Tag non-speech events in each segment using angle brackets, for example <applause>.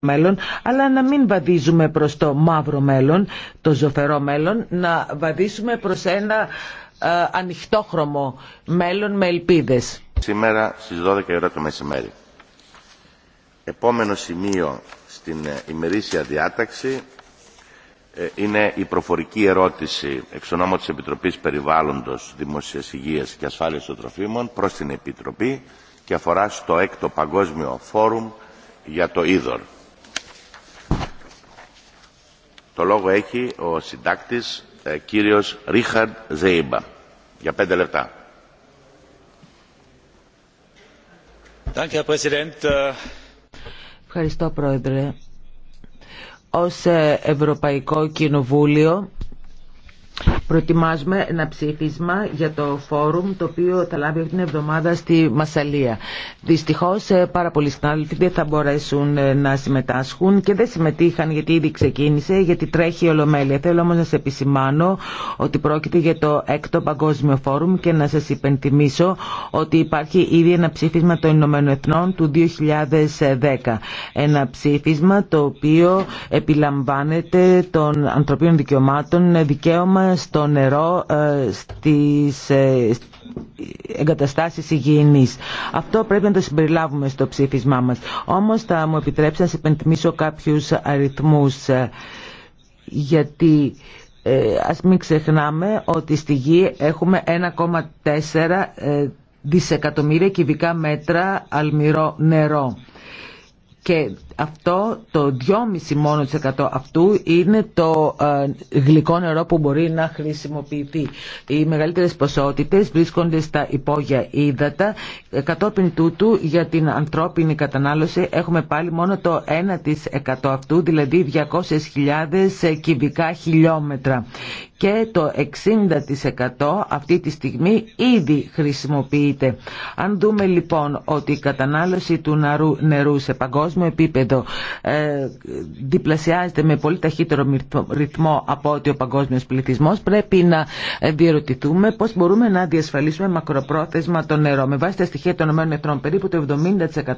μέλλον, αλλά να μην βαδίζουμε προς το μαύρο μέλλον, το ζωφερό μέλλον, να βαδίσουμε προς ένα ε, ανοιχτόχρωμο μέλλον με ελπίδες. Σήμερα στις 12 η ώρα το μεσημέρι. Επόμενο σημείο στην ε, ημερήσια διάταξη ε, είναι η προφορική ερώτηση εξ ονόμου της Επιτροπής Περιβάλλοντος, Δημόσιας Υγείας και Ασφάλειας των Τροφίμων προς την Επιτροπή και αφορά στο έκτο Παγκόσμιο Φόρουμ για το Ίδωρ. Το λόγο έχει ο συντάκτης ε, κύριος Ρίχαρντ Ζέιμπα για πέντε λεπτά. Ε, Ευχαριστώ Πρόεδρε. Ως ε, Ευρωπαϊκό Κοινοβούλιο Προετοιμάζουμε ένα ψήφισμα για το φόρουμ το οποίο θα λάβει αυτήν την εβδομάδα στη Μασαλία. Δυστυχώς ε, πάρα πολλοί συνάδελφοι δεν θα μπορέσουν ε, να συμμετάσχουν και δεν συμμετείχαν γιατί ήδη ξεκίνησε, γιατί τρέχει η Ολομέλεια. Θέλω όμως να σε επισημάνω ότι πρόκειται για το έκτο Παγκόσμιο Φόρουμ και να σας υπενθυμίσω ότι υπάρχει ήδη ένα ψήφισμα των Ηνωμένων Εθνών του 2010. Ένα ψήφισμα το οποίο επιλαμβάνεται των ανθρωπίνων δικαιωμάτων δικαίωμα στο το νερό ε, στις ε, εγκαταστάσεις υγιεινής. Αυτό πρέπει να το συμπεριλάβουμε στο ψήφισμά μας. Όμως θα μου επιτρέψει να σε κάποιους αριθμούς ε, γιατί ας μην ξεχνάμε ότι στη γη έχουμε 1,4 δισεκατομμύρια κυβικά μέτρα αλμυρό νερό. Και αυτό το 2,5 μόνο αυτού είναι το ε, γλυκό νερό που μπορεί να χρησιμοποιηθεί. Οι μεγαλύτερες ποσότητες βρίσκονται στα υπόγεια ύδατα. Κατόπιν τούτου για την ανθρώπινη κατανάλωση έχουμε πάλι μόνο το 1% αυτού, δηλαδή 200.000 ε, κυβικά χιλιόμετρα και το 60% αυτή τη στιγμή ήδη χρησιμοποιείται. Αν δούμε λοιπόν ότι η κατανάλωση του νερού σε παγκόσμιο επίπεδο επίπεδο ε, διπλασιάζεται με πολύ ταχύτερο ρυθμό από ότι ο παγκόσμιος πληθυσμός πρέπει να ε, διερωτηθούμε πώς μπορούμε να διασφαλίσουμε μακροπρόθεσμα το νερό. Με βάση τα στοιχεία των μέτρων περίπου το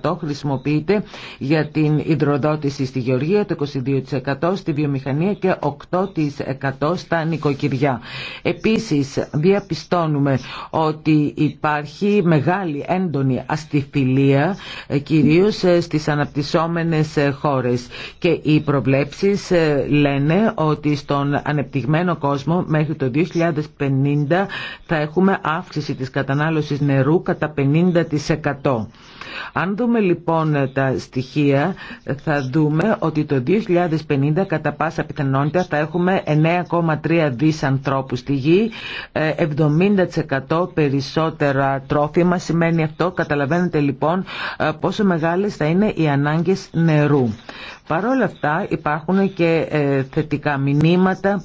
70% χρησιμοποιείται για την υδροδότηση στη γεωργία, το 22% στη βιομηχανία και 8% στα νοικοκυριά. Επίσης διαπιστώνουμε ότι υπάρχει μεγάλη έντονη αστιφιλία ε, κυρίως στις αναπτυσσόμενες ε, χώρες και οι προβλέψεις ε, λένε ότι στον ανεπτυγμένο κόσμο μέχρι το 2050 θα έχουμε αύξηση της κατανάλωσης νερού κατά 50%. Αν δούμε λοιπόν τα στοιχεία θα δούμε ότι το 2050 κατά πάσα πιθανότητα θα έχουμε 9,3 δις ανθρώπους στη γη, 70% ε, περισσότερα τρόφιμα σημαίνει αυτό. Καταλαβαίνετε λοιπόν πόσο μεγάλες θα είναι οι ανάγκες νερού νερού. Παρ' όλα αυτά υπάρχουν και ε, θετικά μηνύματα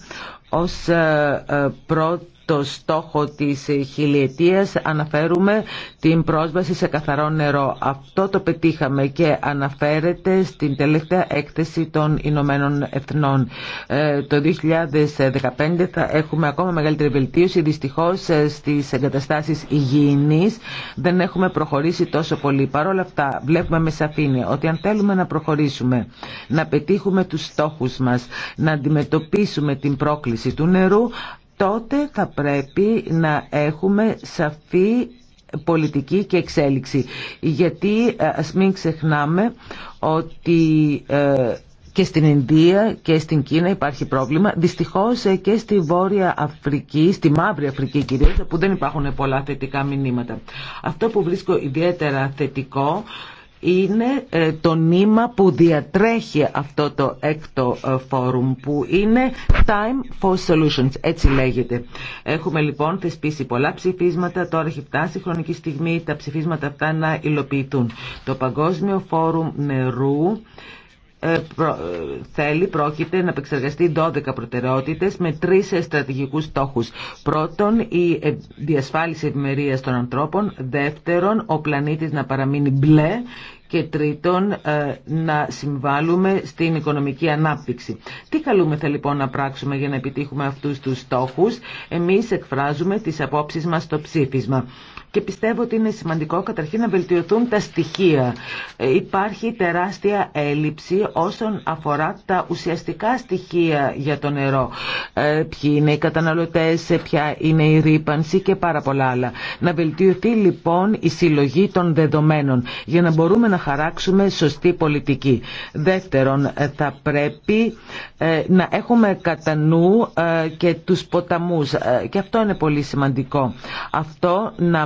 ως ε, ε, πρώτη το στόχο της χιλιετίας αναφέρουμε την πρόσβαση σε καθαρό νερό. Αυτό το πετύχαμε και αναφέρεται στην τελευταία έκθεση των Ηνωμένων Εθνών. Ε, το 2015 θα έχουμε ακόμα μεγαλύτερη βελτίωση. Δυστυχώς ε, στις εγκαταστάσεις υγιεινής δεν έχουμε προχωρήσει τόσο πολύ. Παρ' όλα αυτά βλέπουμε με σαφήνεια ότι αν θέλουμε να προχωρήσουμε, να πετύχουμε τους στόχους μας, να αντιμετωπίσουμε την πρόκληση του νερού, τότε θα πρέπει να έχουμε σαφή πολιτική και εξέλιξη. Γιατί ε, ας μην ξεχνάμε ότι ε, και στην Ινδία και στην Κίνα υπάρχει πρόβλημα. Δυστυχώς ε, και στη Βόρεια Αφρική, στη Μαύρη Αφρική κυρίως, που δεν υπάρχουν πολλά θετικά μηνύματα. Αυτό που βρίσκω ιδιαίτερα θετικό είναι ε, το νήμα που διατρέχει αυτό το έκτο ε, φόρουμ που είναι Time for Solutions, έτσι λέγεται. Έχουμε λοιπόν θεσπίσει πολλά ψηφίσματα, τώρα έχει φτάσει η χρονική στιγμή τα ψηφίσματα αυτά να υλοποιηθούν. Το Παγκόσμιο Φόρουμ Νερού ε, θέλει, πρόκειται να επεξεργαστεί 12 προτεραιότητες με τρεις στρατηγικούς στόχους. Πρώτον, η διασφάλιση ευημερίας των ανθρώπων. Δεύτερον, ο πλανήτης να παραμείνει μπλε και τρίτον ε, να συμβάλλουμε στην οικονομική ανάπτυξη. Τι καλούμεθα λοιπόν να πράξουμε για να επιτύχουμε αυτούς τους στόχους. Εμείς εκφράζουμε τις απόψεις μας στο ψήφισμα και πιστεύω ότι είναι σημαντικό καταρχήν να βελτιωθούν τα στοιχεία. Ε, υπάρχει τεράστια έλλειψη όσον αφορά τα ουσιαστικά στοιχεία για το νερό. Ε, ποιοι είναι οι καταναλωτές, ποια είναι η ρήπανση και πάρα πολλά άλλα. Να βελτιωθεί λοιπόν η συλλογή των δεδομένων για να μπορούμε να χαράξουμε σωστή πολιτική. Δεύτερον, ε, θα πρέπει να έχουμε κατά νου και τους ποταμούς και αυτό είναι πολύ σημαντικό. Αυτό να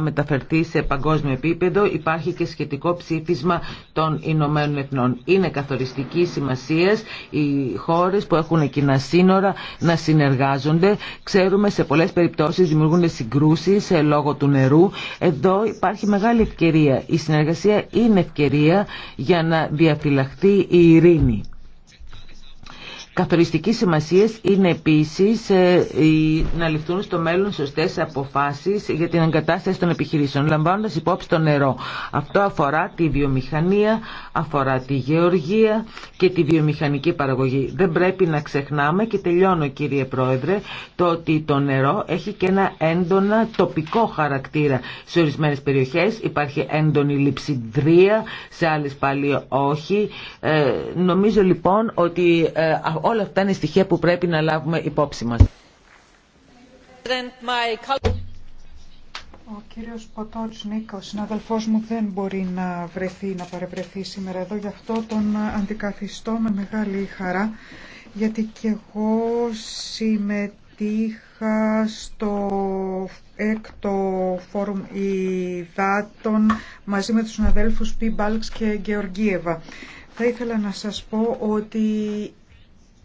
σε παγκόσμιο επίπεδο. Υπάρχει και σχετικό ψήφισμα των Ηνωμένων Εθνών. Είναι καθοριστική σημασία οι χώρες που έχουν κοινά σύνορα να συνεργάζονται. Ξέρουμε σε πολλές περιπτώσεις δημιουργούνται συγκρούσεις ε, λόγω του νερού. Εδώ υπάρχει μεγάλη ευκαιρία. Η συνεργασία είναι ευκαιρία για να διαφυλαχθεί η ειρήνη. Καθοριστική σημασία είναι επίσης ε, να ληφθούν στο μέλλον σωστέ αποφάσεις για την εγκατάσταση των επιχειρήσεων, λαμβάνοντα υπόψη το νερό. Αυτό αφορά τη βιομηχανία, αφορά τη γεωργία και τη βιομηχανική παραγωγή. Δεν πρέπει να ξεχνάμε και τελειώνω κύριε Πρόεδρε το ότι το νερό έχει και ένα έντονα τοπικό χαρακτήρα. Σε ορισμένε περιοχέ. υπάρχει έντονη λειψιδρία, σε άλλε πάλι όχι. Ε, νομίζω λοιπόν ότι ε, Όλα αυτά είναι στοιχεία που πρέπει να λάβουμε υπόψη μας. Ο κύριος Ποτότσνικ, ο συναδελφός μου, δεν μπορεί να βρεθεί, να παρευρεθεί σήμερα εδώ. Γι' αυτό τον αντικαθιστώ με μεγάλη χαρά, γιατί και εγώ συμμετείχα στο έκτο φόρουμ υδάτων μαζί με τους συναδέλφους Πι και Γεωργίεβα. Θα ήθελα να σας πω ότι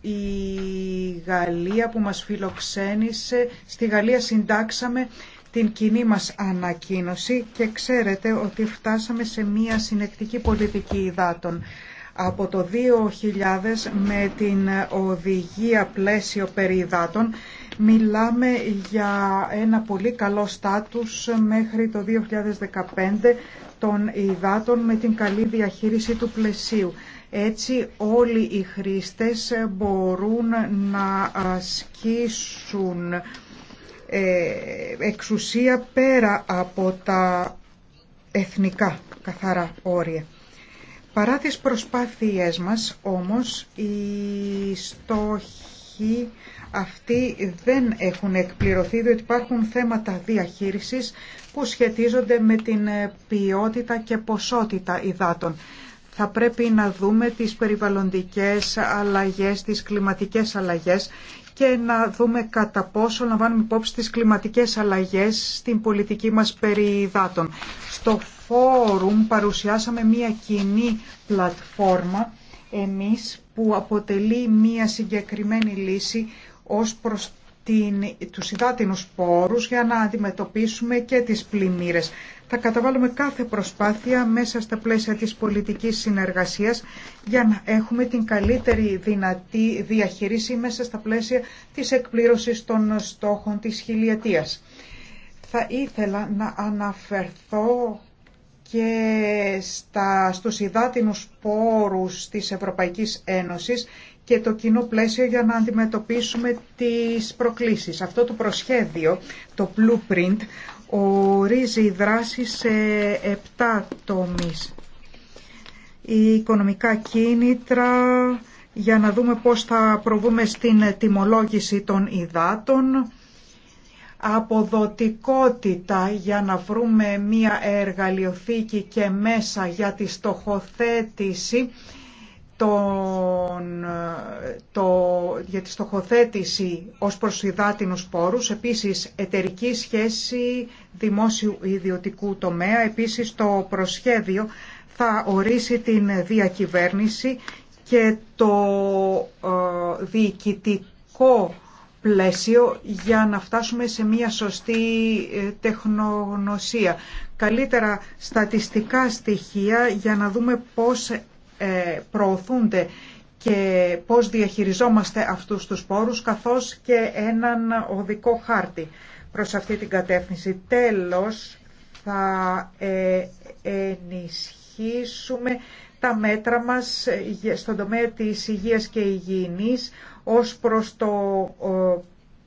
η Γαλλία που μας φιλοξένησε. Στη Γαλλία συντάξαμε την κοινή μας ανακοίνωση και ξέρετε ότι φτάσαμε σε μια συνεκτική πολιτική υδάτων. Από το 2000 με την οδηγία πλαίσιο περί υδάτων μιλάμε για ένα πολύ καλό στάτους μέχρι το 2015 των υδάτων με την καλή διαχείριση του πλαισίου. Έτσι όλοι οι χρήστες μπορούν να ασκήσουν ε, εξουσία πέρα από τα εθνικά καθαρά όρια. Παρά τις προσπάθειές μας όμως οι στόχοι αυτοί δεν έχουν εκπληρωθεί διότι υπάρχουν θέματα διαχείρισης που σχετίζονται με την ποιότητα και ποσότητα υδάτων θα πρέπει να δούμε τις περιβαλλοντικές αλλαγές, τις κλιματικές αλλαγές και να δούμε κατά πόσο λαμβάνουμε υπόψη τις κλιματικές αλλαγές στην πολιτική μας περί υδάτων. Στο φόρουμ παρουσιάσαμε μια κοινή πλατφόρμα εμείς που αποτελεί μια συγκεκριμένη λύση ως προς την, τους υδάτινους πόρους για να αντιμετωπίσουμε και τις πλημμύρες. Θα καταβάλουμε κάθε προσπάθεια μέσα στα πλαίσια της πολιτικής συνεργασίας για να έχουμε την καλύτερη δυνατή διαχείριση μέσα στα πλαίσια της εκπλήρωσης των στόχων της χιλιετίας. Θα ήθελα να αναφερθώ και στα, στους υδάτινους πόρους της Ευρωπαϊκής Ένωσης και το κοινό πλαίσιο για να αντιμετωπίσουμε τις προκλήσεις. Αυτό το προσχέδιο, το blueprint, ορίζει δράση σε 7 τομείς. Οι οικονομικά κίνητρα για να δούμε πώς θα προβούμε στην τιμολόγηση των υδάτων, αποδοτικότητα για να βρούμε μία εργαλειοθήκη και μέσα για τη στοχοθέτηση τον, το, για τη στοχοθέτηση ως προς υδάτινους πόρους, επίσης εταιρική σχέση δημόσιου ιδιωτικού τομέα, επίσης το προσχέδιο θα ορίσει την διακυβέρνηση και το ε, διοικητικό πλαίσιο για να φτάσουμε σε μια σωστή ε, τεχνογνωσία. Καλύτερα στατιστικά στοιχεία για να δούμε πώς ε, προωθούνται και πώς διαχειριζόμαστε αυτούς τους πόρους καθώς και έναν οδικό χάρτη προς αυτή την κατεύθυνση. Τέλος, θα ε, ενισχύσουμε τα μέτρα μας στον τομέα της υγείας και υγιεινής ως προς το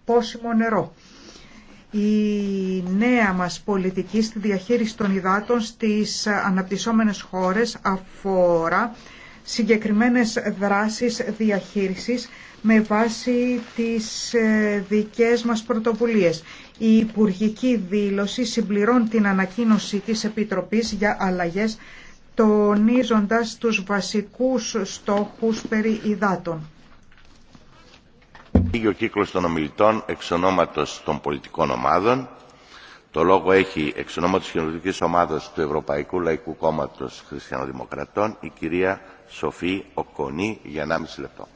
πόσιμο νερό η νέα μας πολιτική στη διαχείριση των υδάτων στις αναπτυσσόμενες χώρες αφορά συγκεκριμένες δράσεις διαχείρισης με βάση τις ε, δικές μας πρωτοβουλίες. Η Υπουργική Δήλωση συμπληρώνει την ανακοίνωση της Επιτροπής για αλλαγές τονίζοντας τους βασικούς στόχους περί υδάτων. Λίγει ο κύκλο των ομιλητών εξ των πολιτικών ομάδων. Το λόγο έχει εξ ονόματος κοινοβουλευτική ομάδα του Ευρωπαϊκού Λαϊκού Κόμματο Χριστιανοδημοκρατών η κυρία Σοφή Οκονή για 1,5 λεπτό.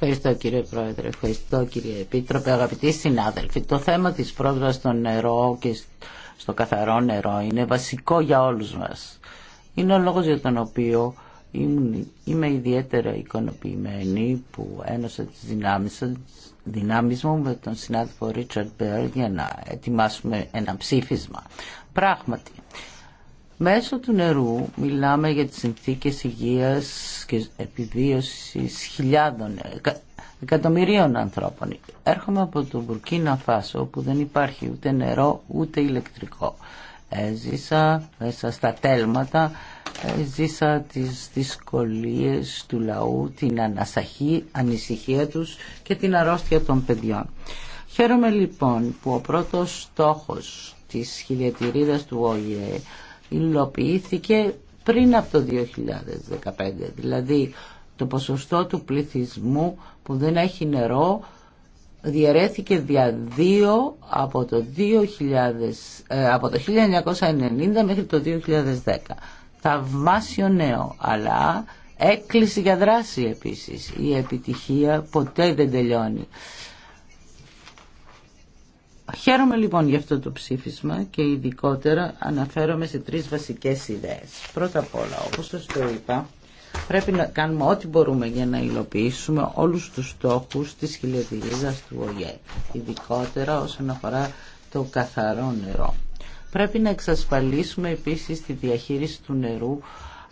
Ευχαριστώ κύριε Πρόεδρε, ευχαριστώ κύριε Επίτροπε, αγαπητοί συνάδελφοι. Το θέμα της πρόσβασης στο νερό και στο καθαρό νερό είναι βασικό για όλους μας. Είναι ο λόγος για τον οποίο Είμαι ιδιαίτερα ικανοποιημένη που ένωσα τις δυνάμεις, δυνάμεις μου με τον συνάδελφο Ρίτσαρντ Μπέρ για να ετοιμάσουμε ένα ψήφισμα. Πράγματι, μέσω του νερού μιλάμε για τις συνθήκες υγείας και επιβίωσης χιλιάδων, εκατομμυρίων ανθρώπων. Έρχομαι από το Μπουρκίνα Φάσο που δεν υπάρχει ούτε νερό ούτε ηλεκτρικό. Έζησα μέσα στα τέλματα, ζήσα τις δυσκολίες του λαού, την ανασαχή, ανησυχία τους και την αρρώστια των παιδιών. Χαίρομαι λοιπόν που ο πρώτος στόχος της χιλιατηρίδας του ΟΗΕ υλοποιήθηκε πριν από το 2015, δηλαδή το ποσοστό του πληθυσμού που δεν έχει νερό διαιρέθηκε δια δύο από το, 2000, ε, από το 1990 μέχρι το 2010. Θαυμάσιο νέο, αλλά έκκληση για δράση επίσης. Η επιτυχία ποτέ δεν τελειώνει. Χαίρομαι λοιπόν για αυτό το ψήφισμα και ειδικότερα αναφέρομαι σε τρεις βασικές ιδέες. Πρώτα απ' όλα, όπως σας το είπα, Πρέπει να κάνουμε ό,τι μπορούμε για να υλοποιήσουμε όλους τους στόχους της χιλιοδηγίδα του ΟΓΕ, ειδικότερα όσον αφορά το καθαρό νερό. Πρέπει να εξασφαλίσουμε επίσης τη διαχείριση του νερού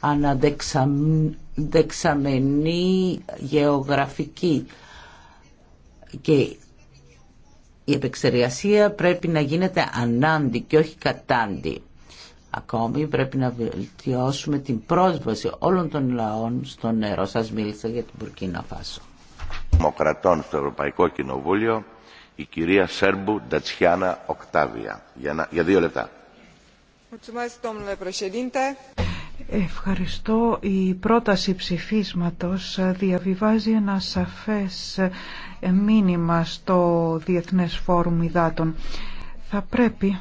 αναδεξαμενή γεωγραφική και η επεξεργασία πρέπει να γίνεται ανάντι και όχι κατάντι. Ακόμη πρέπει να βελτιώσουμε την πρόσβαση όλων των λαών στο νερό. Σας μίλησα για την Πουρκίνα Φάσο. Δημοκρατών στο Ευρωπαϊκό Κοινοβούλιο η κυρία Σέρμπου Ντατσιάνα Οκτάβια. Για, για δύο λεπτά. Ευχαριστώ. Η πρόταση ψηφίσματος διαβιβάζει ένα σαφές μήνυμα στο Διεθνές Φόρουμ Ιδάτων. Θα πρέπει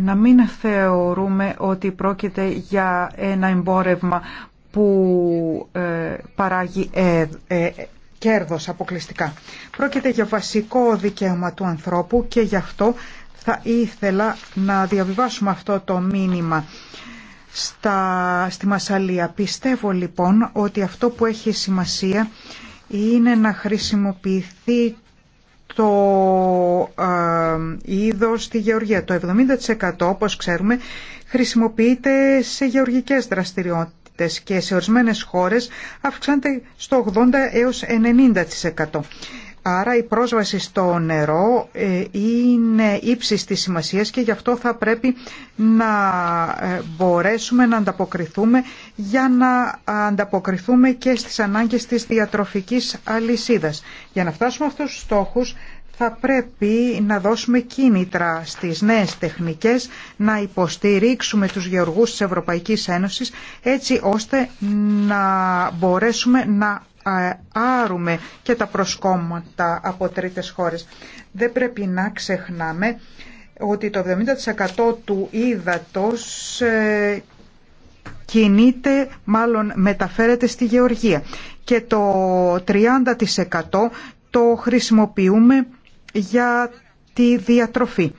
να μην θεωρούμε ότι πρόκειται για ένα εμπόρευμα που ε, παράγει ε, ε, κέρδος αποκλειστικά. Πρόκειται για βασικό δικαίωμα του ανθρώπου και γι' αυτό θα ήθελα να διαβιβάσουμε αυτό το μήνυμα στα, στη Μασαλία. Πιστεύω λοιπόν ότι αυτό που έχει σημασία είναι να χρησιμοποιηθεί το είδος στη γεωργία. Το 70% όπως ξέρουμε χρησιμοποιείται σε γεωργικές δραστηριότητες και σε ορισμένες χώρες αυξάνεται στο 80 έως 90%. Άρα η πρόσβαση στο νερό ε, είναι ύψιστη της σημασίας και γι' αυτό θα πρέπει να ε, μπορέσουμε να ανταποκριθούμε για να ανταποκριθούμε και στις ανάγκες της διατροφικής αλυσίδας. Για να φτάσουμε αυτούς τους στόχους θα πρέπει να δώσουμε κίνητρα στις νέες τεχνικές, να υποστηρίξουμε τους γεωργούς της Ευρωπαϊκής Ένωσης έτσι ώστε να μπορέσουμε να άρουμε και τα προσκόμματα από τρίτες χώρες. Δεν πρέπει να ξεχνάμε ότι το 70% του ύδατος ε, κινείται, μάλλον μεταφέρεται στη γεωργία και το 30% το χρησιμοποιούμε για τη διατροφή.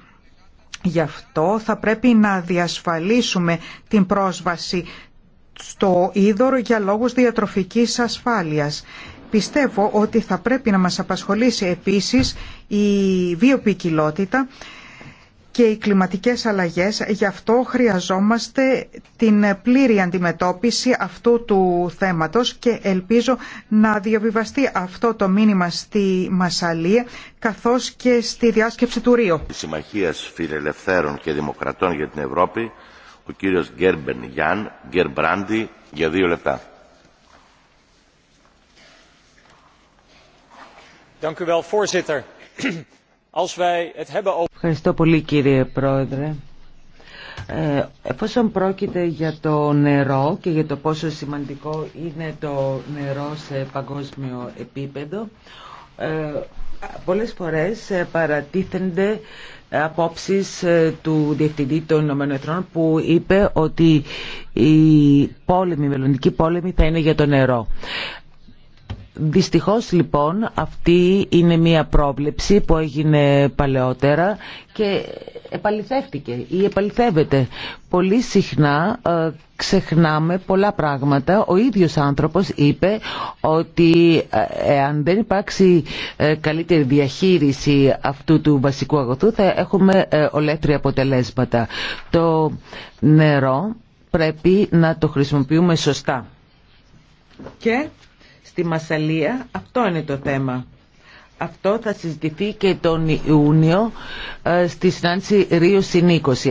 Γι' αυτό θα πρέπει να διασφαλίσουμε την πρόσβαση στο Ίδωρο για λόγους διατροφικής ασφάλειας. Πιστεύω ότι θα πρέπει να μας απασχολήσει επίσης η βιοποικιλότητα και οι κλιματικές αλλαγές. Γι' αυτό χρειαζόμαστε την πλήρη αντιμετώπιση αυτού του θέματος και ελπίζω να διαβιβαστεί αυτό το μήνυμα στη Μασαλία καθώς και στη διάσκεψη του Ρίο. Η Συμμαχία Φιλελευθέρων και Δημοκρατών για την Ευρώπη ο κύριος Γκέρμπεν Γιάν Γκερμπράντι για δύο λεπτά. Ευχαριστώ πολύ κύριε Πρόεδρε. Ε, εφόσον πρόκειται για το νερό και για το πόσο σημαντικό είναι το νερό σε παγκόσμιο επίπεδο, ε, πολλές φορές ε, παρατίθενται απόψεις ε, του Διευθυντή των ΗΕ που είπε ότι η πόλεμη, η μελλοντική πόλεμη θα είναι για το νερό. Δυστυχώς λοιπόν αυτή είναι μια πρόβλεψη που έγινε παλαιότερα και επαληθεύτηκε ή επαληθεύεται. Πολύ συχνά ε, ξεχνάμε πολλά πράγματα. Ο ίδιος άνθρωπος είπε ότι ε, εάν δεν υπάρξει ε, καλύτερη διαχείριση αυτού του βασικού αγωθού θα έχουμε ε, ολέτρια αποτελέσματα. Το νερό πρέπει να το χρησιμοποιούμε σωστά. Και στη Μασαλία. Αυτό είναι το θέμα. Αυτό θα συζητηθεί και τον Ιούνιο ε, στη συνάντηση Ρίο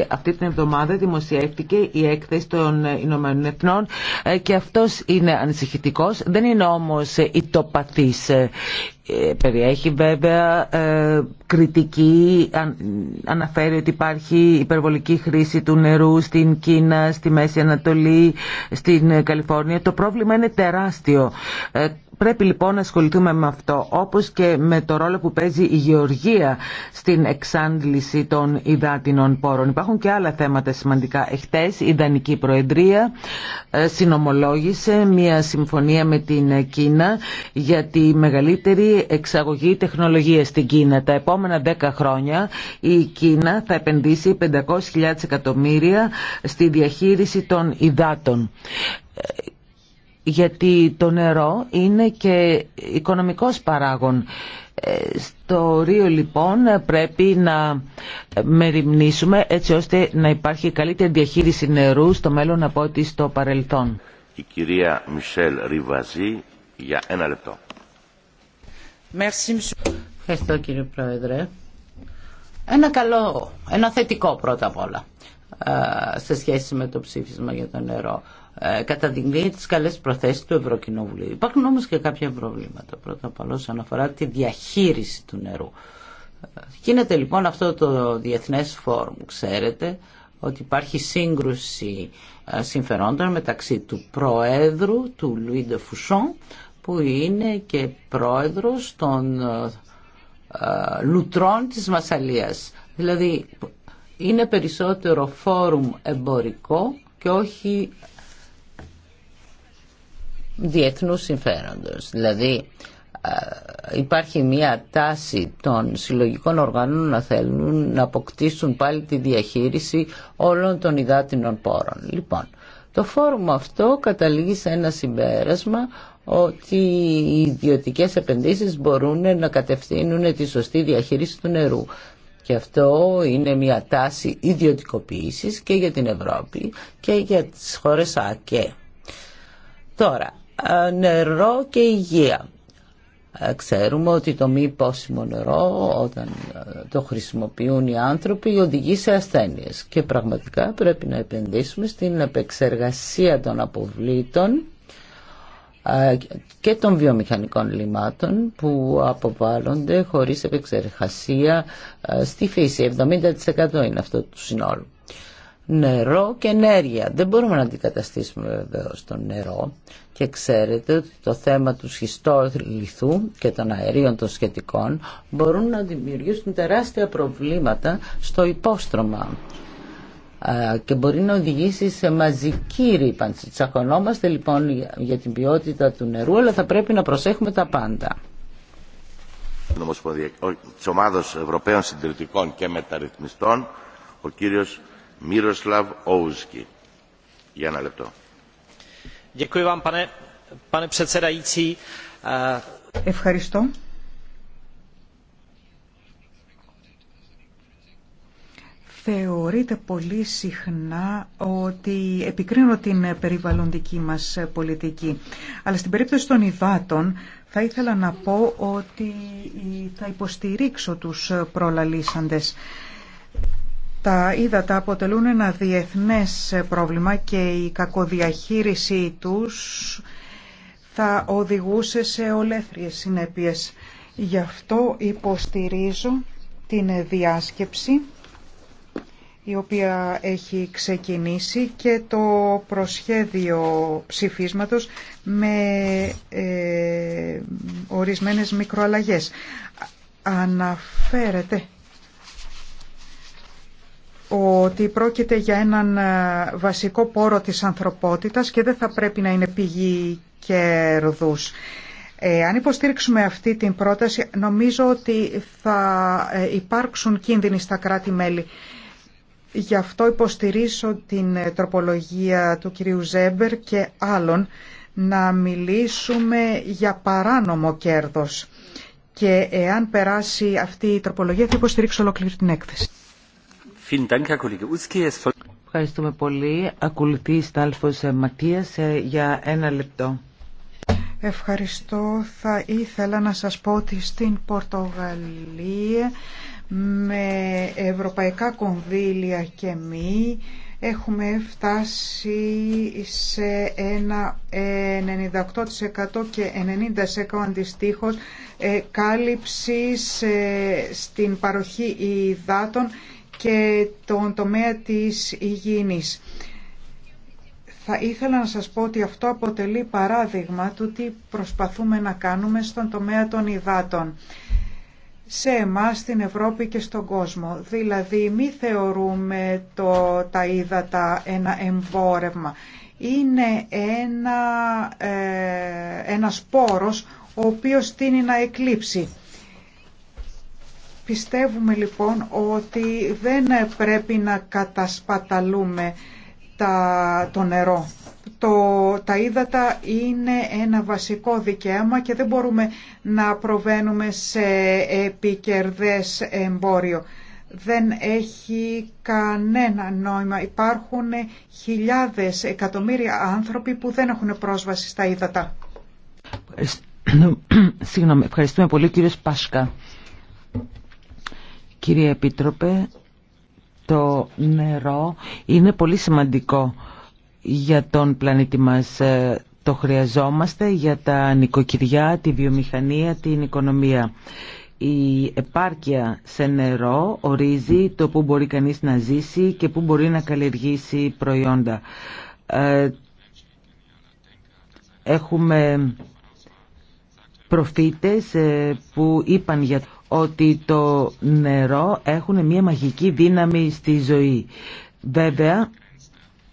Αυτή την εβδομάδα δημοσιεύτηκε η έκθεση των Ηνωμένων Εθνών ε, και αυτός είναι ανησυχητικός. Δεν είναι όμως ε, η τοπαθής. Ε, περιέχει βέβαια ε, κριτική, αναφέρει ότι υπάρχει υπερβολική χρήση του νερού στην Κίνα, στη Μέση Ανατολή, στην Καλιφόρνια. Το πρόβλημα είναι τεράστιο. Ε, πρέπει λοιπόν να ασχοληθούμε με αυτό, όπως και με το ρόλο που παίζει η γεωργία στην εξάντληση των υδάτινων πόρων. Υπάρχουν και άλλα θέματα σημαντικά. Εχθές η Δανική Προεδρία συνομολόγησε μια συμφωνία με την Κίνα για τη μεγαλύτερη εξαγωγή τεχνολογίας στην Κίνα. Τα επόμενα 10 χρόνια η Κίνα θα επενδύσει 500.000 εκατομμύρια στη διαχείριση των υδάτων γιατί το νερό είναι και οικονομικός παράγων. Ε, στο Ρίο λοιπόν πρέπει να μεριμνήσουμε έτσι ώστε να υπάρχει καλύτερη διαχείριση νερού στο μέλλον από ό,τι στο παρελθόν. Η κυρία Μισελ Ριβαζή για ένα λεπτό. Ευχαριστώ κύριε Πρόεδρε. Ένα καλό, ένα θετικό πρώτα απ' όλα ε, σε σχέση με το ψήφισμα για το νερό. Ε, Καταδεικνύει τις καλές προθέσεις του Ευρωκοινοβουλίου. Υπάρχουν όμως και κάποια προβλήματα. Πρώτα απ' όλα όσον αφορά τη διαχείριση του νερού. Ε, γίνεται λοιπόν αυτό το Διεθνές Φόρουμ. Ξέρετε ότι υπάρχει σύγκρουση συμφερόντων μεταξύ του Προέδρου, του Λουίντε Φουσόν, που είναι και πρόεδρος των ε, ε, λουτρών της Μασαλίας. Δηλαδή είναι περισσότερο φόρουμ εμπορικό και όχι διεθνούς συμφέροντος. Δηλαδή ε, υπάρχει μια τάση των συλλογικών οργανών να θέλουν να αποκτήσουν πάλι τη διαχείριση όλων των υδάτινων πόρων. Λοιπόν, το φόρουμ αυτό καταλήγει σε ένα συμπέρασμα ότι οι ιδιωτικές επενδύσεις μπορούν να κατευθύνουν τη σωστή διαχείριση του νερού. Και αυτό είναι μια τάση ιδιωτικοποίησης και για την Ευρώπη και για τις χώρες ΑΚΕ. Τώρα, ε, νερό και υγεία. Ε, ξέρουμε ότι το μη πόσιμο νερό όταν ε, το χρησιμοποιούν οι άνθρωποι οδηγεί σε ασθένειες και πραγματικά πρέπει να επενδύσουμε στην επεξεργασία των αποβλήτων ε, και των βιομηχανικών λιμάτων που αποβάλλονται χωρίς επεξεργασία στη φύση. 70% είναι αυτό του συνόλου νερό και ενέργεια. Δεν μπορούμε να αντικαταστήσουμε βεβαίω το νερό και ξέρετε ότι το θέμα του σχιστόλιθου και των αερίων των σχετικών μπορούν να δημιουργήσουν τεράστια προβλήματα στο υπόστρωμα και μπορεί να οδηγήσει σε μαζική ρήπανση. Τσακωνόμαστε λοιπόν για την ποιότητα του νερού, αλλά θα πρέπει να προσέχουμε τα πάντα. Ευρωπαίων Συντηρητικών και Μεταρρυθμιστών, ο κύριος Miroslav Για Ευχαριστώ. Θεωρείται πολύ συχνά ότι επικρίνω την περιβαλλοντική μας πολιτική. Αλλά στην περίπτωση των υδάτων θα ήθελα να πω ότι θα υποστηρίξω τους προλαλήσαντες. Τα ύδατα αποτελούν ένα διεθνές πρόβλημα και η κακοδιαχείρισή τους θα οδηγούσε σε ολέθριες συνέπειες. Γι' αυτό υποστηρίζω την διάσκεψη η οποία έχει ξεκινήσει και το προσχέδιο ψηφίσματος με ε, ορισμένες μικροαλλαγές. Αναφέρεται ότι πρόκειται για έναν ε, βασικό πόρο της ανθρωπότητας και δεν θα πρέπει να είναι πηγή κερδούς. Ε, αν υποστήριξουμε αυτή την πρόταση, νομίζω ότι θα ε, υπάρξουν κίνδυνοι στα κράτη-μέλη. Γι' αυτό υποστηρίζω την ε, τροπολογία του κυρίου Ζέμπερ και άλλων να μιλήσουμε για παράνομο κέρδος. Και εάν περάσει αυτή η τροπολογία θα υποστηρίξω ολόκληρη την έκθεση. Ευχαριστούμε πολύ. Ακολουθεί η Στάλφος ε, Ματίας ε, για ένα λεπτό. Ευχαριστώ. Θα ήθελα να σας πω ότι στην Πορτογαλία με ευρωπαϊκά κονδύλια και μη έχουμε φτάσει σε ένα 98% ε, και 90% αντιστοίχως κάλυψης στην παροχή υδάτων και τον τομέα της υγιεινής. Θα ήθελα να σας πω ότι αυτό αποτελεί παράδειγμα του τι προσπαθούμε να κάνουμε στον τομέα των υδάτων σε εμάς, στην Ευρώπη και στον κόσμο. Δηλαδή μη θεωρούμε το, τα ύδατα ένα εμπόρευμα. Είναι ένα, ε, ένας ο οποίος τίνει να εκλείψει. Πιστεύουμε λοιπόν ότι δεν πρέπει να κατασπαταλούμε τα, το νερό. Το, τα ύδατα είναι ένα βασικό δικαίωμα και δεν μπορούμε να προβαίνουμε σε επικερδές εμπόριο. Δεν έχει κανένα νόημα. Υπάρχουν χιλιάδες, εκατομμύρια άνθρωποι που δεν έχουν πρόσβαση στα ύδατα. <clears throat> Συγγνώμη, ευχαριστούμε πολύ κύριε Πάσκα. Κύριε Επίτροπε, το νερό είναι πολύ σημαντικό για τον πλανήτη μας. Ε, το χρειαζόμαστε για τα νοικοκυριά, τη βιομηχανία, την οικονομία. Η επάρκεια σε νερό ορίζει το που μπορεί κανείς να ζήσει και που μπορεί να καλλιεργήσει προϊόντα. Ε, έχουμε προφήτες ε, που είπαν για ότι το νερό έχουν μια μαγική δύναμη στη ζωή. Βέβαια,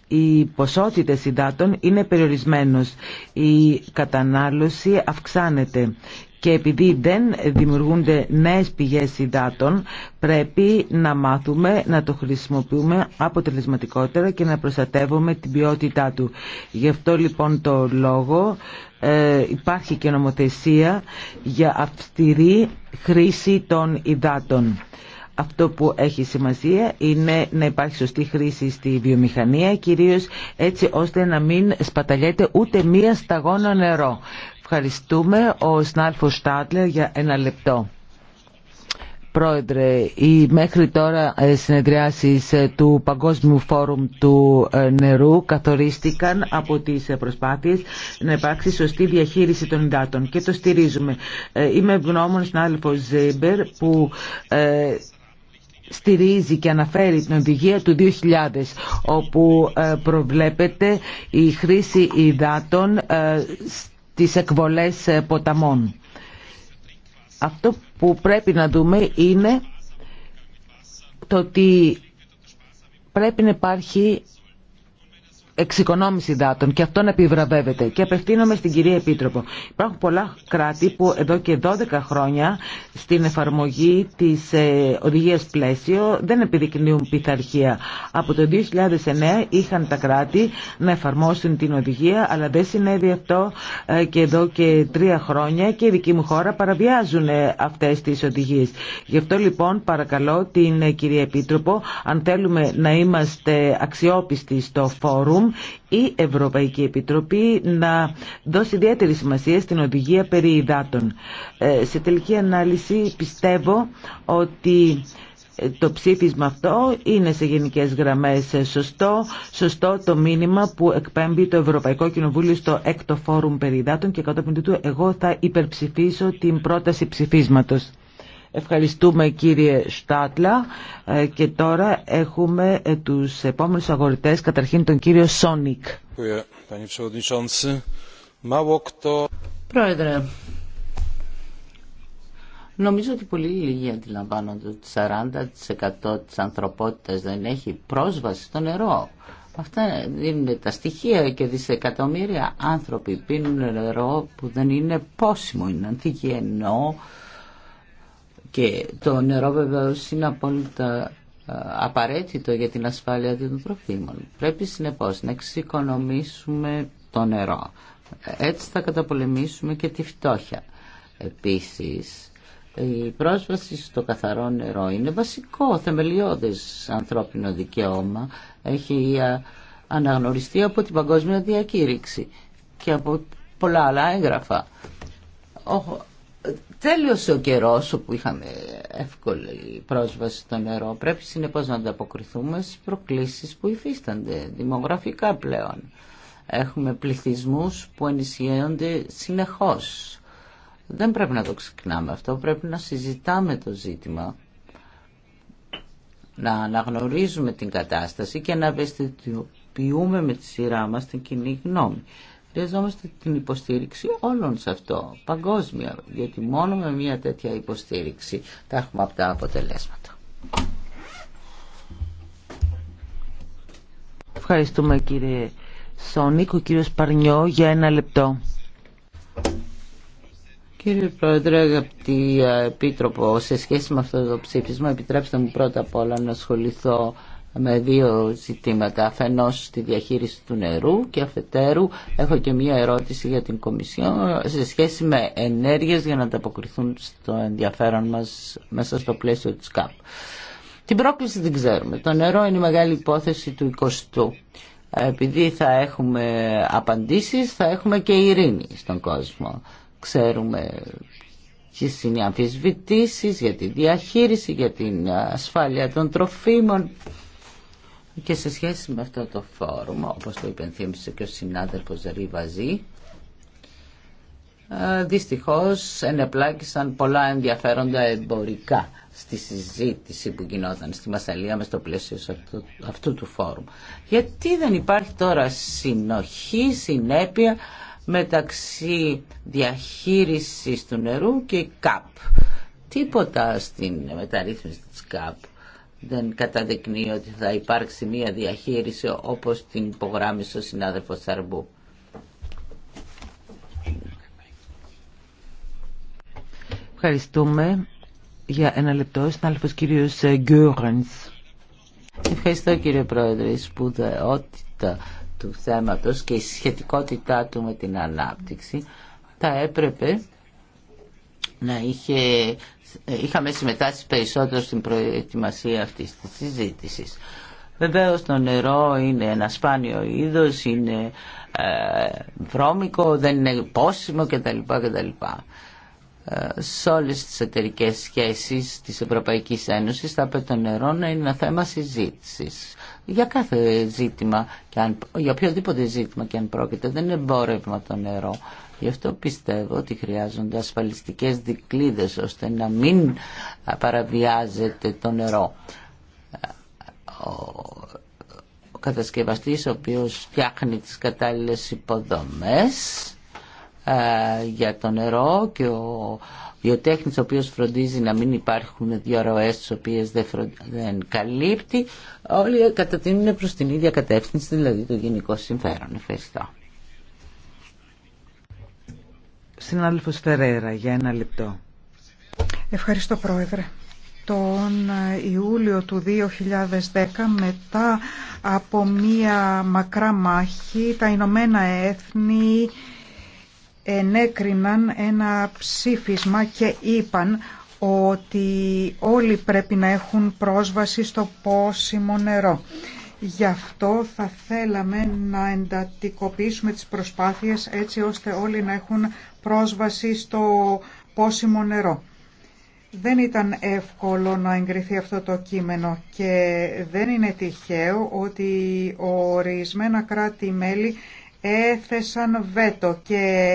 οι ποσότητες συντάτων είναι περιορισμένος. Η κατανάλωση αυξάνεται και επειδή δεν δημιουργούνται νέες πηγές υδάτων πρέπει να μάθουμε να το χρησιμοποιούμε αποτελεσματικότερα και να προστατεύουμε την ποιότητά του. Γι' αυτό λοιπόν το λόγο ε, υπάρχει και νομοθεσία για αυστηρή χρήση των υδάτων. Αυτό που έχει σημασία είναι να υπάρχει σωστή χρήση στη βιομηχανία, κυρίως έτσι ώστε να μην σπαταλιέται ούτε μία σταγόνα νερό. Ευχαριστούμε. Ο Σνάλφος Στάτλερ για ένα λεπτό. Πρόεδρε, οι μέχρι τώρα ε, συνεδριάσεις ε, του Παγκόσμιου Φόρουμ του ε, Νερού καθορίστηκαν από τις προσπάθειες να υπάρξει σωστή διαχείριση των υδάτων και το στηρίζουμε. Είμαι ευγνώμων στην Ζέμπερ που στηρίζει και αναφέρει την οδηγία του 2000 όπου προβλέπεται η χρήση υδάτων τις εκβολές ε, ποταμών. Αυτό που πρέπει να δούμε είναι το ότι πρέπει να υπάρχει εξοικονόμηση δάτων και αυτό να επιβραβεύεται. Και απευθύνομαι στην κυρία Επίτροπο. Υπάρχουν πολλά κράτη που εδώ και 12 χρόνια στην εφαρμογή της ε, οδηγίας πλαίσιο δεν επιδεικνύουν πειθαρχία. Από το 2009 είχαν τα κράτη να εφαρμόσουν την οδηγία αλλά δεν συνέβη αυτό ε, και εδώ και τρία χρόνια και η δική μου χώρα παραβιάζουν ε, αυτές τις οδηγίες. Γι' αυτό λοιπόν παρακαλώ την ε, κυρία Επίτροπο αν θέλουμε να είμαστε αξιόπιστοι στο φόρουμ η Ευρωπαϊκή Επιτροπή να δώσει ιδιαίτερη σημασία στην οδηγία περί υδάτων. Ε, σε τελική ανάλυση πιστεύω ότι ε, το ψήφισμα αυτό είναι σε γενικές γραμμές σωστό, σωστό το μήνυμα που εκπέμπει το Ευρωπαϊκό Κοινοβούλιο στο έκτο φόρουμ υδάτων και κατόπιν του εγώ θα υπερψηφίσω την πρόταση ψηφίσματος. Ευχαριστούμε κύριε Στάτλα ε, και τώρα έχουμε ε, τους επόμενους αγορητές, καταρχήν τον κύριο Σόνικ. Πρόεδρε, νομίζω ότι πολύ λίγοι αντιλαμβάνονται ότι 40% της ανθρωπότητας δεν έχει πρόσβαση στο νερό. Αυτά είναι τα στοιχεία και δισεκατομμύρια άνθρωποι πίνουν νερό που δεν είναι πόσιμο, είναι ανθυγιεινό, και το νερό βεβαίω είναι απόλυτα απαραίτητο για την ασφάλεια των τροφίμων. Πρέπει συνεπώς να εξοικονομήσουμε το νερό. Έτσι θα καταπολεμήσουμε και τη φτώχεια. Επίσης, η πρόσβαση στο καθαρό νερό είναι βασικό, θεμελιώδες ανθρώπινο δικαίωμα. Έχει αναγνωριστεί από την Παγκόσμια Διακήρυξη και από πολλά άλλα έγγραφα. Τέλειωσε ο καιρός όπου είχαμε εύκολη πρόσβαση στο νερό. Πρέπει συνεπώς να ανταποκριθούμε στις προκλήσεις που υφίστανται δημογραφικά πλέον. Έχουμε πληθυσμούς που ενισχύονται συνεχώς. Δεν πρέπει να το ξεκινάμε αυτό, πρέπει να συζητάμε το ζήτημα να αναγνωρίζουμε την κατάσταση και να ευαισθητοποιούμε με τη σειρά μας την κοινή γνώμη. Χρειαζόμαστε την υποστήριξη όλων σε αυτό, παγκόσμια, γιατί μόνο με μια τέτοια υποστήριξη θα έχουμε αυτά αποτελέσματα. Ευχαριστούμε κύριε Σόνικ, ο κύριος Παρνιό για ένα λεπτό. Κύριε Πρόεδρε, αγαπητή ε, Επίτροπο, σε σχέση με αυτό το ψήφισμα, επιτρέψτε μου πρώτα απ' όλα να ασχοληθώ με δύο ζητήματα. Αφενός στη διαχείριση του νερού και αφετέρου έχω και μία ερώτηση για την Κομισιόν σε σχέση με ενέργειες για να ανταποκριθούν στο ενδιαφέρον μας μέσα στο πλαίσιο της ΚΑΠ. Την πρόκληση δεν ξέρουμε. Το νερό είναι η μεγάλη υπόθεση του 20ου. Επειδή θα έχουμε απαντήσεις θα έχουμε και ειρήνη στον κόσμο. Ξέρουμε τι είναι οι για τη διαχείριση, για την ασφάλεια των τροφίμων. Και σε σχέση με αυτό το φόρουμ, όπως το υπενθύμισε και ο συνάδελφος Ριβαζή, ε, δυστυχώς ενεπλάκησαν πολλά ενδιαφέροντα εμπορικά στη συζήτηση που γινόταν στη Μασαλία με στο πλαίσιο αυτού, αυτού του φόρουμ. Γιατί δεν υπάρχει τώρα συνοχή, συνέπεια μεταξύ διαχείρισης του νερού και ΚΑΠ. Τίποτα στην μεταρρύθμιση της ΚΑΠ δεν καταδεικνύει ότι θα υπάρξει μία διαχείριση όπως την υπογράμμισε ο συνάδελφος Σαρμπού. Ευχαριστούμε. Για ένα λεπτό, συνάδελφο κύριος ε, Γκιούρενς. Ευχαριστώ κύριε Πρόεδρε, η σπουδαιότητα του θέματος και η σχετικότητά του με την ανάπτυξη θα έπρεπε να είχε, είχαμε συμμετάσχει περισσότερο στην προετοιμασία αυτής της συζήτησης. Βεβαίω το νερό είναι ένα σπάνιο είδος, είναι ε, βρώμικο, δεν είναι πόσιμο κτλ. κτλ. Ε, σε όλες τις εταιρικέ σχέσεις της Ευρωπαϊκής Ένωσης θα πρέπει το νερό να είναι ένα θέμα συζήτησης. Για κάθε ζήτημα, και αν, για οποιοδήποτε ζήτημα και αν πρόκειται, δεν είναι εμπόρευμα το νερό. Γι' αυτό πιστεύω ότι χρειάζονται ασφαλιστικές δικλίδες ώστε να μην παραβιάζεται το νερό. Ο κατασκευαστής ο οποίος φτιάχνει τις κατάλληλες υποδομές ε, για το νερό και ο βιοτέχνης ο οποίος φροντίζει να μην υπάρχουν ροές τις οποίες δεν, δεν καλύπτει όλοι κατατείνουν προς την ίδια κατεύθυνση δηλαδή το γενικό συμφέρον. Ευχαριστώ. Συνάδελφος Φερέρα, για ένα λεπτό. Ευχαριστώ, Πρόεδρε. Τον Ιούλιο του 2010, μετά από μία μακρά μάχη, τα Ηνωμένα Έθνη ενέκριναν ένα ψήφισμα και είπαν ότι όλοι πρέπει να έχουν πρόσβαση στο πόσιμο νερό. Γι' αυτό θα θέλαμε να εντατικοποιήσουμε τις προσπάθειες έτσι ώστε όλοι να έχουν πρόσβαση στο πόσιμο νερό. Δεν ήταν εύκολο να εγκριθεί αυτό το κείμενο και δεν είναι τυχαίο ότι ορισμένα κράτη-μέλη έθεσαν βέτο και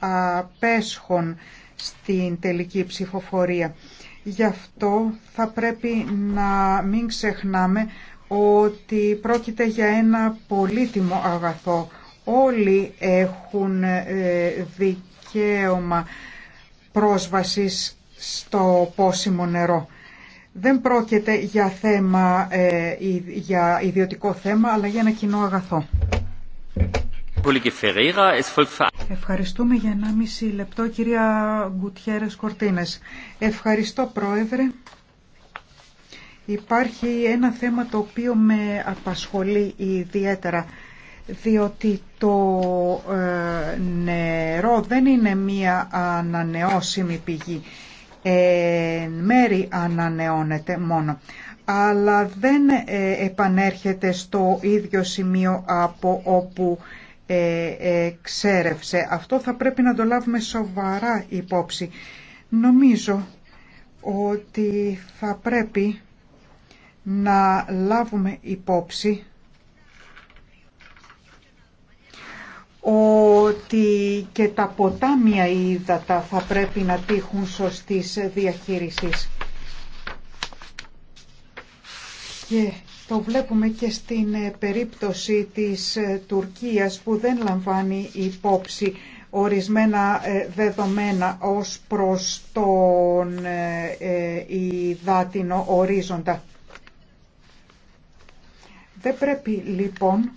απέσχον στην τελική ψηφοφορία. Γι' αυτό θα πρέπει να μην ξεχνάμε ότι πρόκειται για ένα πολύτιμο αγαθό. Όλοι έχουν ε, δικαίωμα πρόσβασης στο πόσιμο νερό. Δεν πρόκειται για, θέμα, ε, για ιδιωτικό θέμα, αλλά για ένα κοινό αγαθό. Ευχαριστούμε για μισή λεπτό, κυρία Γκουτιέρες Κορτίνες. Ευχαριστώ, Πρόεδρε. Υπάρχει ένα θέμα το οποίο με απασχολεί ιδιαίτερα διότι το ε, νερό δεν είναι μία ανανεώσιμη πηγή. Ε, μέρη ανανεώνεται μόνο, αλλά δεν ε, επανέρχεται στο ίδιο σημείο από όπου ε, ξέρευσε. Αυτό θα πρέπει να το λάβουμε σοβαρά υπόψη. Νομίζω ότι θα πρέπει να λάβουμε υπόψη ότι και τα ποτάμια ύδατα θα πρέπει να τύχουν σωστής διαχείρισης. Και το βλέπουμε και στην περίπτωση της Τουρκίας που δεν λαμβάνει υπόψη ορισμένα ε, δεδομένα ως προς τον ε, ε, υδάτινο ορίζοντα. Δεν πρέπει λοιπόν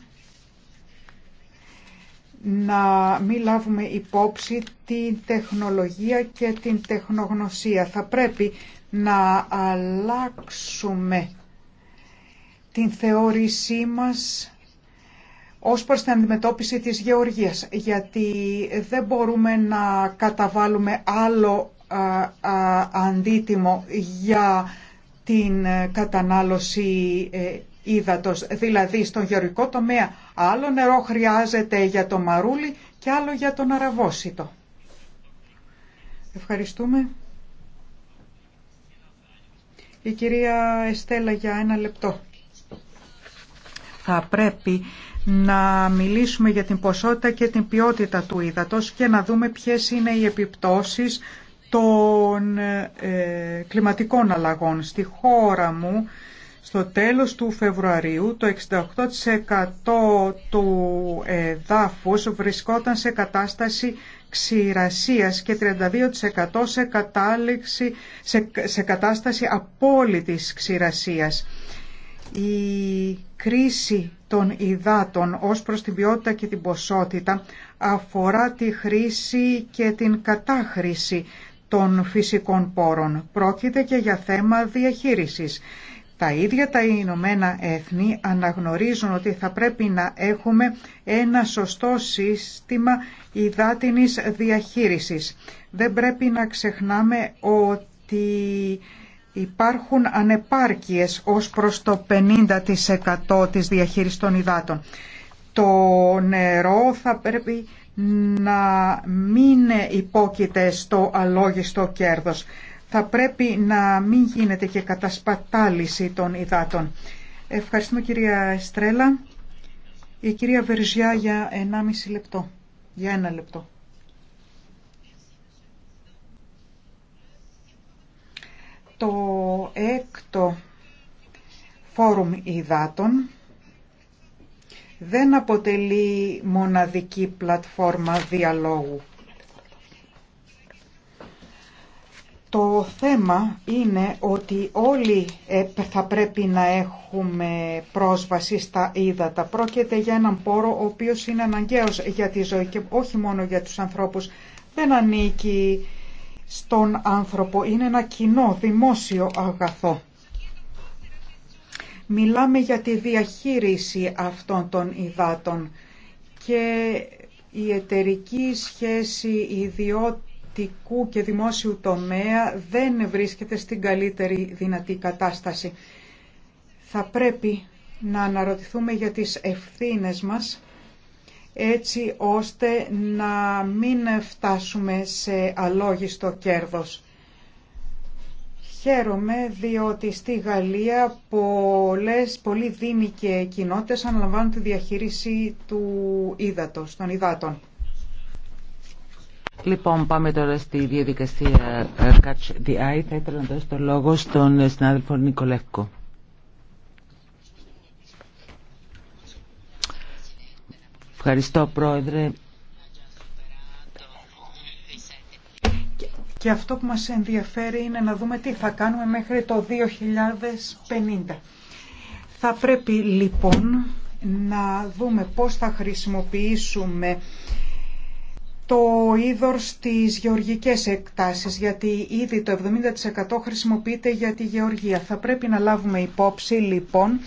να μην λάβουμε υπόψη την τεχνολογία και την τεχνογνωσία. Θα πρέπει να αλλάξουμε την θεώρησή μας ως προς την αντιμετώπιση της γεωργίας, γιατί δεν μπορούμε να καταβάλουμε άλλο αντίτιμο για την κατανάλωση ε, δηλαδή στον γεωρικό τομέα άλλο νερό χρειάζεται για το μαρούλι και άλλο για τον αραβόσιτο. Ευχαριστούμε. Η κυρία Εστέλα για ένα λεπτό. Θα πρέπει να μιλήσουμε για την ποσότητα και την ποιότητα του ύδατος και να δούμε ποιες είναι οι επιπτώσεις των ε, κλιματικών αλλαγών. Στη χώρα μου στο τέλος του Φεβρουαρίου το 68% του εδάφους βρισκόταν σε κατάσταση ξηρασίας και 32% σε, σε, σε κατάσταση απόλυτης ξηρασίας. Η κρίση των υδάτων ως προς την ποιότητα και την ποσότητα αφορά τη χρήση και την κατάχρηση των φυσικών πόρων. Πρόκειται και για θέμα διαχείρισης. Τα ίδια τα Ηνωμένα Έθνη αναγνωρίζουν ότι θα πρέπει να έχουμε ένα σωστό σύστημα υδάτινης διαχείρισης. Δεν πρέπει να ξεχνάμε ότι υπάρχουν ανεπάρκειες ως προς το 50% της διαχείρισης των υδάτων. Το νερό θα πρέπει να μην υπόκειται στο αλόγιστο κέρδος θα πρέπει να μην γίνεται και κατασπατάληση των υδάτων. Ευχαριστούμε κυρία Στρέλα. Η κυρία Βερζιά για 1,5 λεπτό. Για ένα λεπτό. Το έκτο φόρουμ υδάτων δεν αποτελεί μοναδική πλατφόρμα διαλόγου. Το θέμα είναι ότι όλοι ε, θα πρέπει να έχουμε πρόσβαση στα ύδατα. Πρόκειται για έναν πόρο ο οποίος είναι αναγκαίος για τη ζωή και όχι μόνο για τους ανθρώπους. Δεν ανήκει στον άνθρωπο. Είναι ένα κοινό, δημόσιο αγαθό. Μιλάμε για τη διαχείριση αυτών των υδάτων και η εταιρική σχέση, ιδιότητα ιδιωτικού και δημόσιου τομέα δεν βρίσκεται στην καλύτερη δυνατή κατάσταση. Θα πρέπει να αναρωτηθούμε για τις ευθύνες μας έτσι ώστε να μην φτάσουμε σε αλόγιστο κέρδος. Χαίρομαι διότι στη Γαλλία πολλές, πολλοί δήμοι και κοινότητες αναλαμβάνουν τη διαχείριση του ύδατος, των υδάτων. Λοιπόν, πάμε τώρα στη διαδικασία ε, Catch the Eye. Θα ήθελα να δώσω το λόγο στον συνάδελφο Νικολεύκο. Ευχαριστώ, Πρόεδρε. Και αυτό που μας ενδιαφέρει είναι να δούμε τι θα κάνουμε μέχρι το 2050. Θα πρέπει λοιπόν να δούμε πώς θα χρησιμοποιήσουμε το είδωρ στις γεωργικές εκτάσεις, γιατί ήδη το 70% χρησιμοποιείται για τη γεωργία. Θα πρέπει να λάβουμε υπόψη λοιπόν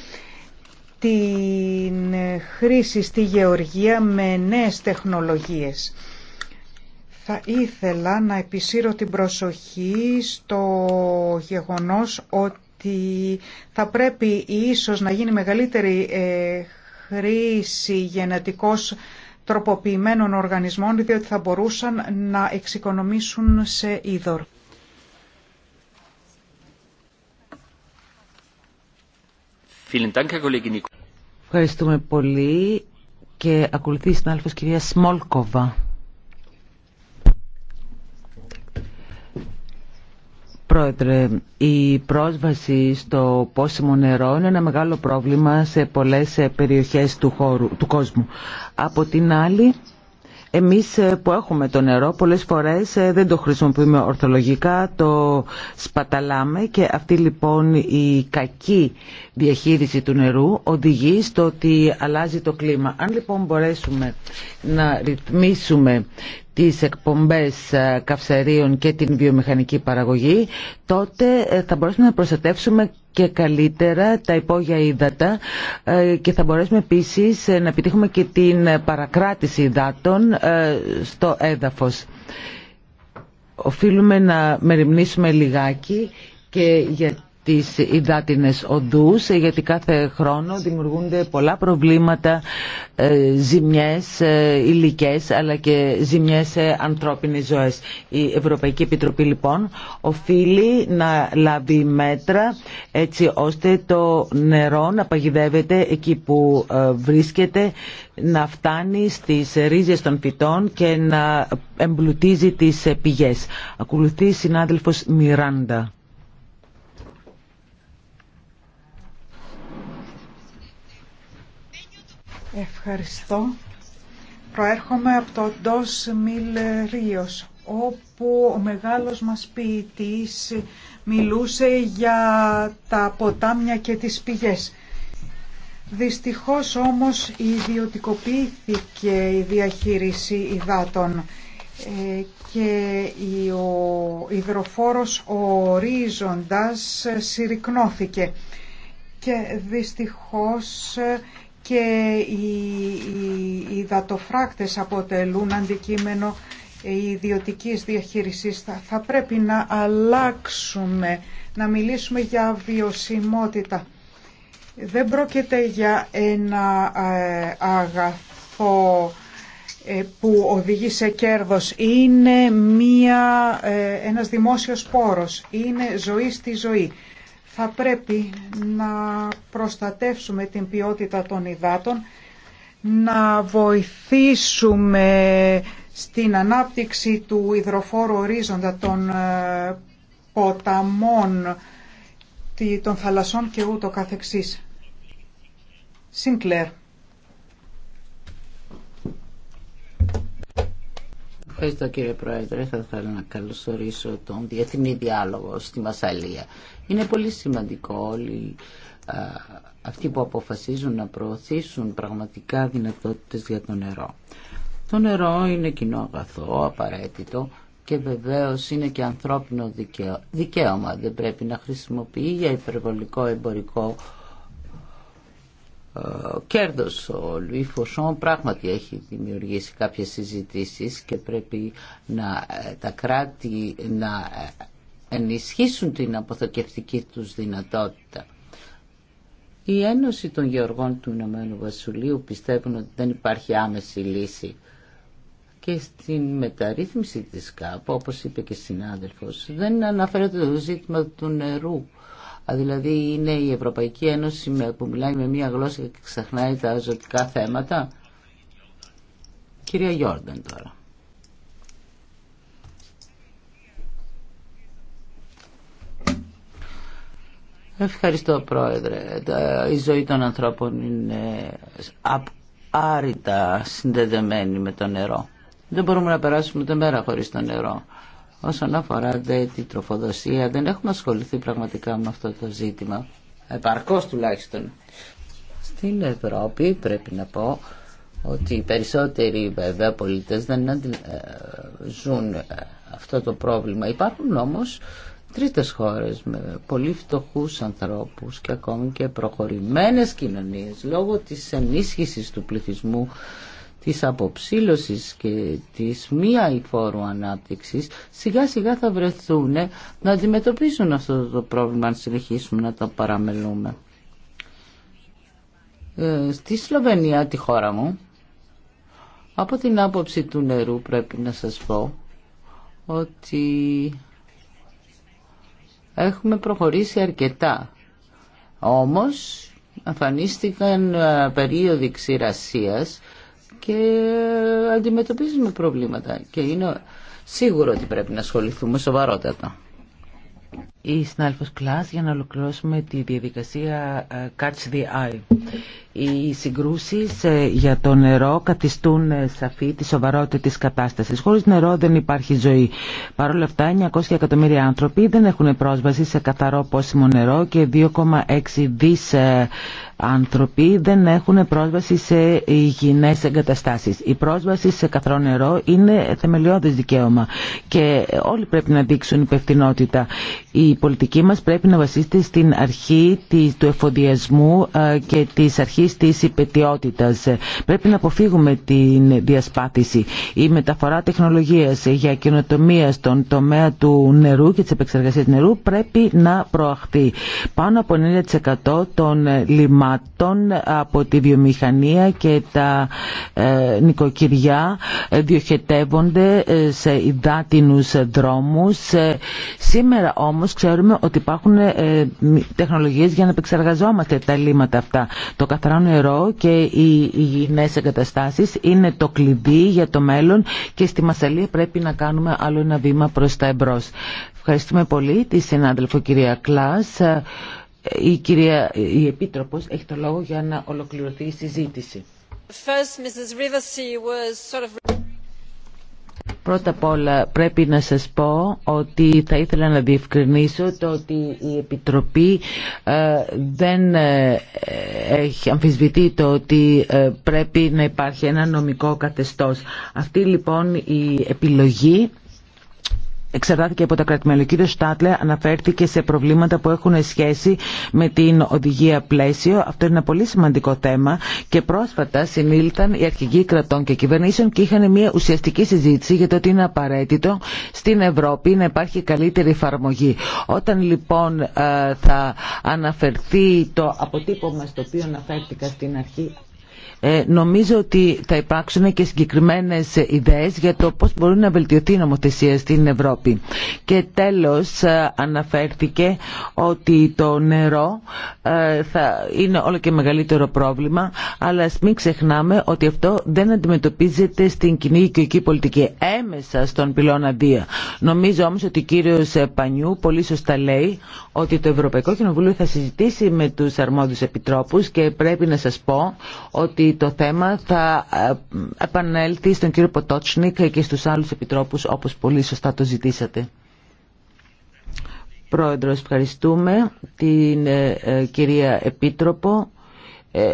την χρήση στη γεωργία με νέες τεχνολογίες. Θα ήθελα να επισύρω την προσοχή στο γεγονός ότι θα πρέπει ίσως να γίνει μεγαλύτερη ε, χρήση γενετικός τροποποιημένων οργανισμών, διότι θα μπορούσαν να εξοικονομήσουν σε είδωρ. Ευχαριστούμε πολύ και ακολουθεί η συνάδελφος κυρία Σμόλκοβα. Πρόεδρε, η πρόσβαση στο πόσιμο νερό είναι ένα μεγάλο πρόβλημα σε πολλές περιοχές του, χώρου, του κόσμου. Από την άλλη, εμείς ε, που έχουμε το νερό πολλές φορές ε, δεν το χρησιμοποιούμε ορθολογικά, το σπαταλάμε και αυτή λοιπόν η κακή διαχείριση του νερού οδηγεί στο ότι αλλάζει το κλίμα. Αν λοιπόν μπορέσουμε να ρυθμίσουμε τις εκπομπές ε, καυσαρίων και την βιομηχανική παραγωγή, τότε ε, θα μπορέσουμε να προστατεύσουμε και καλύτερα τα υπόγεια ύδατα ε, και θα μπορέσουμε επίσης να επιτύχουμε και την παρακράτηση υδάτων στο έδαφος. Οφείλουμε να μεριμνήσουμε λιγάκι και για τις υδάτινες οδούς ε, γιατί κάθε χρόνο δημιουργούνται πολλά προβλήματα ε, ζημιές ε, υλικές αλλά και ζημιές σε ανθρώπινες ζωές. Η Ευρωπαϊκή Επιτροπή λοιπόν οφείλει να λάβει μέτρα έτσι ώστε το νερό να παγιδεύεται εκεί που βρίσκεται να φτάνει στις ρίζες των φυτών και να εμπλουτίζει τις πηγές. Ακολουθεί η συνάδελφος Μιράντα. Ευχαριστώ. Προέρχομαι από το Ντός όπου ο μεγάλος μας ποιητής μιλούσε για τα ποτάμια και τις πηγές. Δυστυχώς όμως ιδιωτικοποιήθηκε η διαχείριση υδάτων ε, και ο υδροφόρος ο ορίζοντας συρρυκνώθηκε και δυστυχώς και οι δατοφράκτες αποτελούν αντικείμενο ιδιωτικής διαχείρισης. Θα πρέπει να αλλάξουμε, να μιλήσουμε για βιωσιμότητα. Δεν πρόκειται για ένα ε, αγαθό ε, που οδηγεί σε κέρδος. Είναι μια, ε, ένας δημόσιος πόρος. Είναι ζωή στη ζωή θα πρέπει να προστατεύσουμε την ποιότητα των υδάτων, να βοηθήσουμε στην ανάπτυξη του υδροφόρου ορίζοντα των ε, ποταμών, των θαλασσών και ούτω καθεξής. Sinclair. Ευχαριστώ κύριε Πρόεδρε. Θα ήθελα να καλωσορίσω τον διεθνή διάλογο στη Μασαλία. Είναι πολύ σημαντικό όλοι αυτοί που αποφασίζουν να προωθήσουν πραγματικά δυνατότητες για το νερό. Το νερό είναι κοινό αγαθό, απαραίτητο και βεβαίως είναι και ανθρώπινο δικαίωμα. Δεν πρέπει να χρησιμοποιεί για υπερβολικό εμπορικό ε, κέρδος. Ο Λουί Φωσόν πράγματι έχει δημιουργήσει κάποιες συζητήσεις και πρέπει να, ε, τα κράτη να ε, ενισχύσουν την αποθοκευτική τους δυνατότητα. Η Ένωση των Γεωργών του Ηνωμένου Βασιλείου πιστεύουν ότι δεν υπάρχει άμεση λύση και στην μεταρρύθμιση της ΚΑΠ, όπως είπε και συνάδελφος, δεν αναφέρεται το ζήτημα του νερού Δηλαδή είναι η Ευρωπαϊκή Ένωση που μιλάει με μία γλώσσα και ξεχνάει τα ζωτικά θέματα. Κυρία Γιόρνταν τώρα. Ευχαριστώ πρόεδρε. Η ζωή των ανθρώπων είναι άρρητα συνδεδεμένη με το νερό. Δεν μπορούμε να περάσουμε τη μέρα χωρίς το νερό. Όσον αφορά δε, την τροφοδοσία, δεν έχουμε ασχοληθεί πραγματικά με αυτό το ζήτημα. Επαρκώς τουλάχιστον. Στην Ευρώπη πρέπει να πω ότι οι περισσότεροι βέβαια πολίτες δεν ε, ζουν ε, αυτό το πρόβλημα. Υπάρχουν όμως τρίτες χώρες με πολύ φτωχούς ανθρώπους και ακόμη και προχωρημένες κοινωνίες λόγω της ενίσχυσης του πληθυσμού της αποψήλωσης και της μία ανάπτυξης σιγά σιγά θα βρεθούν να αντιμετωπίσουν αυτό το πρόβλημα αν συνεχίσουμε να το παραμελούμε. Ε, στη Σλοβενία, τη χώρα μου, από την άποψη του νερού πρέπει να σας πω ότι έχουμε προχωρήσει αρκετά. Όμως εμφανίστηκαν ε, περίοδοι ξηρασίας και αντιμετωπίζουμε προβλήματα και είναι σίγουρο ότι πρέπει να ασχοληθούμε σοβαρότατα. Η συνάλφος Κλάς για να ολοκληρώσουμε τη διαδικασία ε, Catch the Eye. Οι συγκρούσεις ε, για το νερό καθιστούν ε, σαφή τη σοβαρότητα της κατάστασης. Χωρίς νερό δεν υπάρχει ζωή. Παρ' όλα αυτά 900 εκατομμύρια άνθρωποι δεν έχουν πρόσβαση σε καθαρό πόσιμο νερό και 2,6 δις ε, άνθρωποι δεν έχουν πρόσβαση σε υγιεινές εγκαταστάσεις. Η πρόσβαση σε καθαρό νερό είναι θεμελιώδης δικαίωμα και όλοι πρέπει να δείξουν υπευθυνότητα. Η πολιτική μας πρέπει να βασίζεται στην αρχή του εφοδιασμού και της αρχή αρχής της υπετιότητας. Πρέπει να αποφύγουμε την διασπάθηση. Η μεταφορά τεχνολογίας για καινοτομία στον τομέα του νερού και της επεξεργασίας νερού πρέπει να προαχθεί. Πάνω από 90% των λιμάτων από τη βιομηχανία και τα ε, νοικοκυριά ε, διοχετεύονται ε, σε υδάτινους δρόμους. Σήμερα όμως ξέρουμε ότι υπάρχουν τεχνολογίες για να επεξεργαζόμαστε τα λίματα αυτά. Το καθαρά καθαρό νερό και οι υγιεινές εγκαταστάσεις είναι το κλειδί για το μέλλον και στη Μασαλία πρέπει να κάνουμε άλλο ένα βήμα προς τα εμπρός. Ευχαριστούμε πολύ τη συνάδελφο κυρία Κλάς. Ε, η, κυρία, η Επίτροπος έχει το λόγο για να ολοκληρωθεί η συζήτηση. First, Mrs. Πρώτα απ' όλα πρέπει να σας πω ότι θα ήθελα να διευκρινίσω το ότι η Επιτροπή ε, δεν ε, έχει αμφισβητεί το ότι ε, πρέπει να υπάρχει ένα νομικό καθεστώς. Αυτή λοιπόν η επιλογή εξαρτάται και από τα κρατημέλη. Ο κύριο Στάτλε αναφέρθηκε σε προβλήματα που έχουν σχέση με την οδηγία πλαίσιο. Αυτό είναι ένα πολύ σημαντικό θέμα και πρόσφατα συνήλθαν οι αρχηγοί κρατών και κυβερνήσεων και είχαν μια ουσιαστική συζήτηση για το ότι είναι απαραίτητο στην Ευρώπη να υπάρχει καλύτερη εφαρμογή. Όταν λοιπόν ε, θα αναφερθεί το αποτύπωμα στο οποίο αναφέρθηκα στην αρχή ε, νομίζω ότι θα υπάρξουν και συγκεκριμένες ιδέες για το πώς μπορεί να βελτιωθεί η νομοθεσία στην Ευρώπη. Και τέλος ε, αναφέρθηκε ότι το νερό ε, θα είναι όλο και μεγαλύτερο πρόβλημα, αλλά μην ξεχνάμε ότι αυτό δεν αντιμετωπίζεται στην κοινή οικιακή πολιτική έμεσα στον πυλώνα ΔΙΑ. Νομίζω όμως ότι ο κύριος Πανιού πολύ σωστά λέει ότι το Ευρωπαϊκό Κοινοβούλιο θα συζητήσει με τους αρμόδιους επιτρόπους και πρέπει να σας πω ότι το θέμα θα ε, επανέλθει στον κύριο Ποτότσνικ και στους άλλους επιτρόπους όπως πολύ σωστά το ζητήσατε. Πρόεδρος, ευχαριστούμε την ε, ε, κυρία Επίτροπο.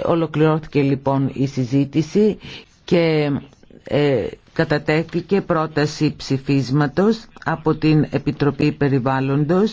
Ολοκληρώθηκε λοιπόν η συζήτηση και κατατέθηκε πρόταση ψηφίσματος από την Επιτροπή Περιβάλλοντος